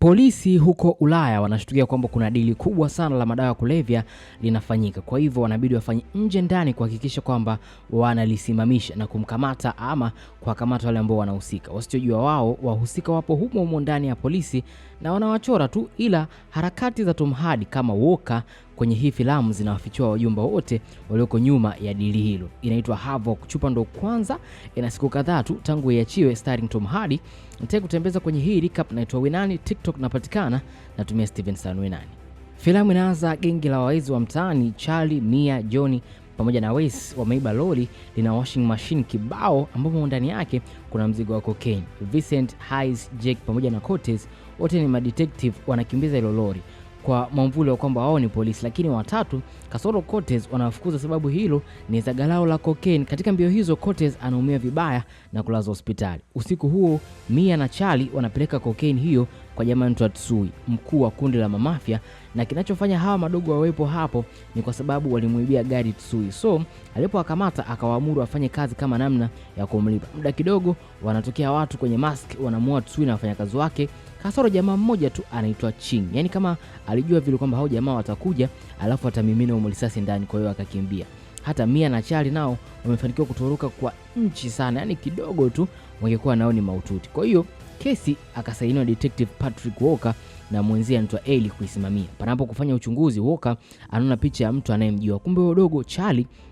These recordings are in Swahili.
Polisi huko Ulaya wanashtukia kwamba kuna dili kubwa sana la madawa ya kulevya linafanyika, kwa hivyo wanabidi wafanye nje ndani kuhakikisha kwamba wanalisimamisha na kumkamata ama kuwakamata wale ambao wanahusika. Wasichojua wao, wahusika wapo humo humo ndani ya polisi na wanawachora tu, ila harakati za Tom Hardy kama Walker kwenye hii filamu zinawafichua wajumba wote walioko nyuma ya dili hilo. Inaitwa Havoc. Chupa ndo kwanza ina siku kadhaa tu tangu iachiwe, starring Tom Hardy. Nataka kutembeza kwenye hii recap. Naitwa Winani, TikTok napatikana natumia Steven Winani. Filamu inaanza gengi la waizi wa mtaani, Charlie, Mia, Johnny pamoja na Wes wameiba lori lina washing machine kibao, ambapo ndani yake kuna mzigo wa cocaine. Vincent, Hayes, Jake pamoja na Cortez wote ni madetective, wanakimbiza hilo lori kwa mwamvuli wa kwamba wao ni polisi, lakini watatu kasoro Cortez wanafukuza sababu hilo ni zagalao la cocaine. Katika mbio hizo Cortez anaumia vibaya na kulazwa hospitali. Usiku huo Mia na chali wanapeleka cocaine hiyo kwa jamani twatsui mkuu wa kundi la mamafya na kinachofanya hawa madogo wawepo hapo ni kwa sababu walimwibia gari Tsui. So alipowakamata akawaamuru afanye kazi kama namna ya kumlipa. Muda kidogo wanatokea watu kwenye mask, wanamua Tsui na wafanyakazi wake kasoro jamaa mmoja tu anaitwa Ching. Yaani kama alijua vile kwamba hao jamaa watakuja, alafu atamimina humo risasi ndani, kwa hiyo akakimbia. Hata Mia na Chali nao wamefanikiwa kutoroka kwa nchi sana, yaani kidogo tu wangekuwa nao ni maututi. Kwa hiyo kesi akasainiwa Detective Patrick Walker na mwenzie anaitwa Eli kuisimamia. Panapo kufanya uchunguzi, Walker anaona picha ya mtu anayemjua, kumbe huyo dogo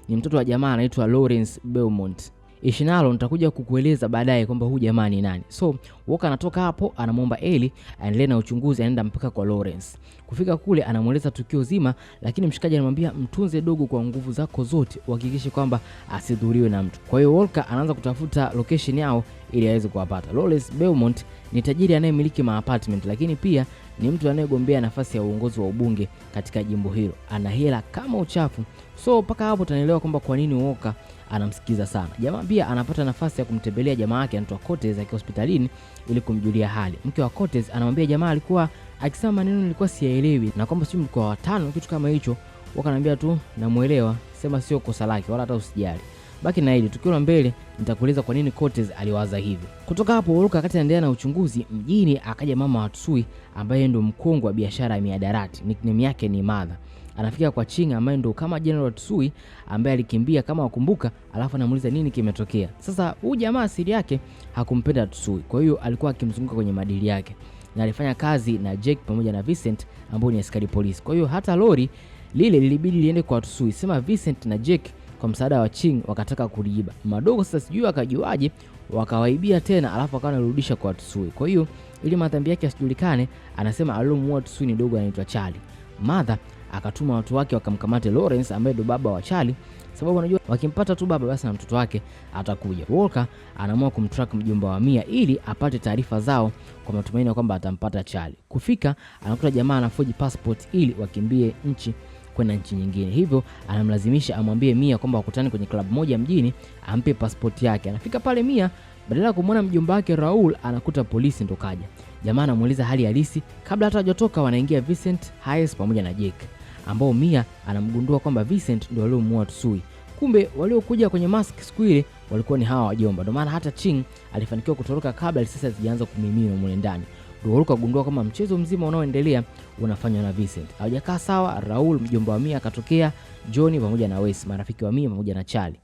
ni mtoto wa jamaa anaitwa Lawrence Belmont ishi nalo, nitakuja kukueleza baadaye kwamba huyu jamaa ni nani. So Walker anatoka hapo, anamwomba eli aendelee na uchunguzi, anaenda mpaka kwa Lawrence. Kufika kule, anamweleza tukio zima, lakini mshikaji anamwambia mtunze dogo kwa nguvu zako zote, uhakikishe kwamba asidhuriwe na mtu. Kwa hiyo Walker anaanza kutafuta location yao ili aweze kuwapata. Lawrence Belmont ni tajiri anayemiliki maapartment, lakini pia ni mtu anayegombea nafasi ya uongozi wa ubunge katika jimbo hilo, ana hela kama uchafu. So mpaka hapo tunaelewa kwamba kwa nini Woka anamsikiza sana jamaa. Pia anapata nafasi ya kumtembelea jamaa yake anaitwa Cortez akiwa hospitalini ili kumjulia hali. Mke wa Cortez anamwambia jamaa alikuwa akisema maneno nilikuwa siyaelewi, na kwamba sio mlikuwa watano, kitu kama hicho. Walker tu, namwelewa, sema sio kosa lake wala hata usijali. Baki na hili tukiwa mbele, nitakueleza kwa nini Cortez aliwaza hivi. Kutoka hapo Uruka akati anaendelea na uchunguzi mjini, akaja mama wa Tsui ambaye ndo mkongwe wa biashara ya miadarati, nickname yake ni Mother. Anafika kwa Ching ambaye ndo kama General Tsui ambaye alikimbia kama wakumbuka, alafu anamuuliza nini kimetokea. Sasa huyu jamaa asili yake hakumpenda Tsui, kwa hiyo alikuwa akimzunguka kwenye madili yake na alifanya kazi na Jake pamoja na Vincent ambao ni askari polisi. Kwa hiyo hata lori lile lilibidi liende kwa Tsui, sema Vincent na Jake kwa msaada wa Ching wakataka kuliiba. Madogo sasa sijui wakajuaje, wakawaibia tena, alafu akawa anarudisha kwa Tsui. Kwa hiyo ili madhambi yake asijulikane, anasema aliyomuua Tsui ni dogo anaitwa chali Madha akatuma watu wake wakamkamate Lawrence ambaye ndo baba wa Chali sababu anajua wakimpata tu baba basi na mtoto wake atakuja. Walker anaamua kumtrack mjomba wa Mia ili apate taarifa zao kwa matumaini kwamba atampata chali Kufika anakuta jamaa anafoji passport ili wakimbie nchi kwenda nchi nyingine, hivyo anamlazimisha amwambie Mia kwamba wakutane kwenye klabu moja mjini, ampe pasipoti yake. Anafika pale Mia badala ya kumwona mjomba wake Raul anakuta polisi ndo kaja. Jamaa anamuuliza hali halisi. Kabla hata hajatoka, wanaingia Vincent Hayes pamoja na Jake, ambao Mia anamgundua kwamba Vincent ndo aliomuua Tsui. Kumbe waliokuja kwenye mask siku ile walikuwa ni hawa wajomba, ndio maana hata Ching alifanikiwa kutoroka kabla risasi hazijaanza kumiminwa mule ndani. Raul kagundua kama mchezo mzima unaoendelea unafanywa na Vincent. Hawajakaa sawa, Raul mjomba wa Mia akatokea, Johnny pamoja na Wes marafiki wa Mia pamoja na Chali.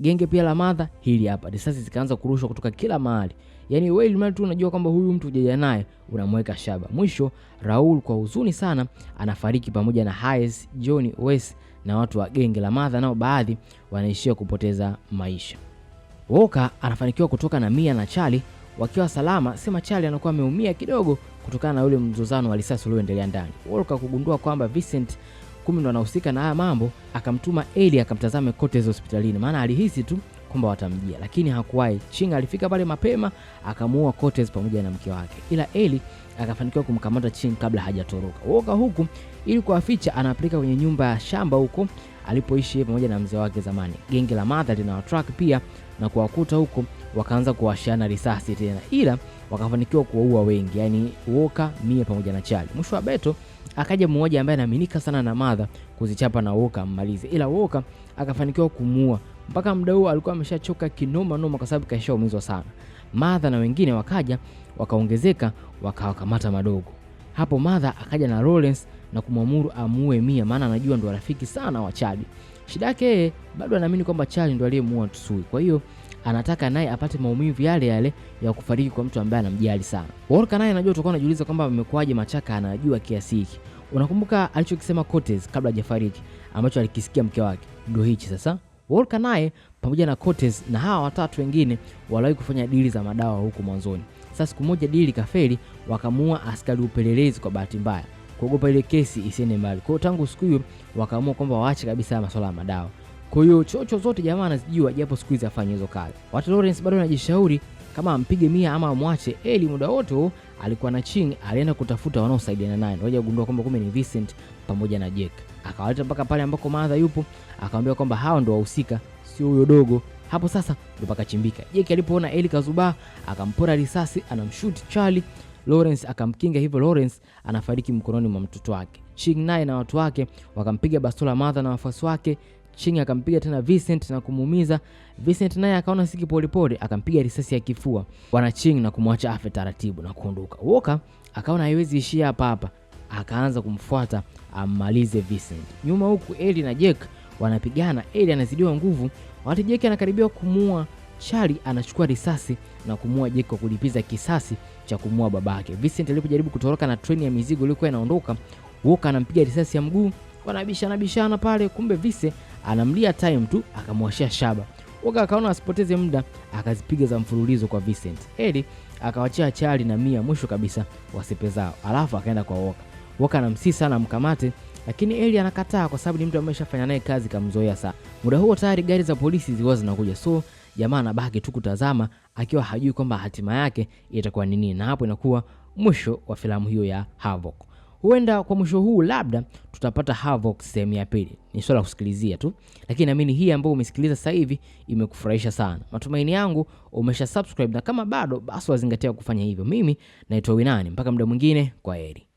Genge pia la madha hili hapa, risasi zikaanza kurushwa kutoka kila mahali. Yaani wewe mali tu unajua kwamba huyu mtu hujaja naye unamweka shaba. Mwisho Raul kwa huzuni sana anafariki pamoja na Hayes, Johnny, Wes na watu wa genge la madha, nao baadhi wanaishia kupoteza maisha. Woka anafanikiwa kutoka na Mia na Charlie wakiwa salama, Semachari anakuwa ameumia kidogo kutokana na yule mzozano wa risasi ulioendelea ndani. wolka kugundua kwamba vicent kumi ndo anahusika na haya mambo, akamtuma Eli akamtazame Cortez hospitalini, maana alihisi tu kwamba watamjia, lakini hakuwai Ching alifika pale mapema akamuua kotes pamoja na mke wake, ila Eli akafanikiwa kumkamata Ching kabla hajatoroka. woka huku ili kuwaficha, anapeleka kwenye nyumba ya shamba huko alipoishi pamoja na mzee wake zamani. Genge la lina watrak pia na kuwakuta huko wakaanza kuwashana risasi tena, ila wakafanikiwa kuwaua wengi, yani woka Mie pamoja na chali Mwisho wa Beto akaja mmoja ambaye anaaminika sana na Madha kuzichapa na woka ammalize, ila woka akafanikiwa kumua Mpaka muda huo alikuwa ameshachoka kinoma noma, kwa sababu kaishaumizwa sana. Madha na wengine wakaja wakaongezeka, wakawakamata madogo. Hapo Madha akaja na Lawrence na kumwamuru amue Mia, maana anajua ndo rafiki sana wa Chadi. Shida yake yeye bado anaamini kwamba Chadi ndo aliyemuua Tsui, kwa hiyo anataka naye apate maumivu yale yale ya kufariki kwa mtu ambaye anamjali sana. Walker naye anajua, tutakuwa anajiuliza kwamba amekuwaje Machaka anajua kiasi hiki. Unakumbuka alichokisema Cortez kabla hajafariki ambacho alikisikia mke wake, ndio hichi sasa. Walker naye pamoja na Cortez na hawa watatu wengine waliwahi kufanya dili za madawa huku mwanzoni. Sasa siku moja dili kafeli, wakamuua askari upelelezi kwa bahati mbaya, kuogopa ile kesi isiende mbali. Kwa tangu siku hiyo wakaamua kwamba waache kabisa masuala ya madawa. Kwa hiyo chocho zote jamaa anazijua, japo siku hizi afanye hizo kazi. Watu Lawrence bado anajishauri kama ampige mia ama amwache Eli. Muda wote alikuwa na Ching alienda kutafuta wanaosaidiana naye, waja kugundua kwamba kumbe ni Vincent pamoja na Jake, akawaleta mpaka pale ambako Martha yupo, akamwambia kwamba hao ndio wahusika, sio huyo dogo hapo sasa ndo pakachimbika. Jake alipoona Eli kazubaa, akampora risasi, anamshuti Charlie. Lawrence akamkinga hivyo, Lawrence anafariki mkononi mwa mtoto wake. Ching naye na watu wake wakampiga bastola Martha na wafuasi wake. Shing akampiga tena Vincent na kumuumiza. Vincent naye akaona siki polepole, akampiga risasi ya kifua bwana Ching na kumwacha afe taratibu na kuondoka. Woka akaona haiwezi ishia hapa hapa, akaanza kumfuata ammalize Vincent. Nyuma huku Eli na Jake wanapigana, Eli anazidiwa nguvu wakati Jake anakaribia kumua Chali, anachukua risasi na kumua Jake kwa kulipiza kisasi cha kumua babake. Vincent alipojaribu kutoroka na treni ya mizigo iliyokuwa inaondoka, Woka anampiga risasi ya mguu, wanabishana bishana pale, kumbe Vincent anamlia time tu akamwashia shaba. Oga akaona asipoteze muda, akazipiga za mfululizo kwa Vincent. Eli akawachia chali na Mia mwisho kabisa wasipe zao, alafu akaenda kwa Woka. Woka anamsihi sana mkamate, lakini Eli anakataa kwa sababu ni mtu ameshafanya naye kazi, kamzoea. Saa muda huo tayari gari za polisi zilikuwa zinakuja, so jamaa anabaki tu kutazama akiwa hajui kwamba hatima yake itakuwa nini, na hapo inakuwa mwisho wa filamu hiyo ya Havoc. Huenda kwa mwisho huu labda tutapata Havoc sehemu ya pili. Ni swala la kusikilizia tu, lakini naamini hii ambayo umesikiliza sasa hivi imekufurahisha sana. Matumaini yangu umesha subscribe, na kama bado basi wazingatia kufanya hivyo. Mimi naitwa Winani, mpaka muda mwingine, kwa heri.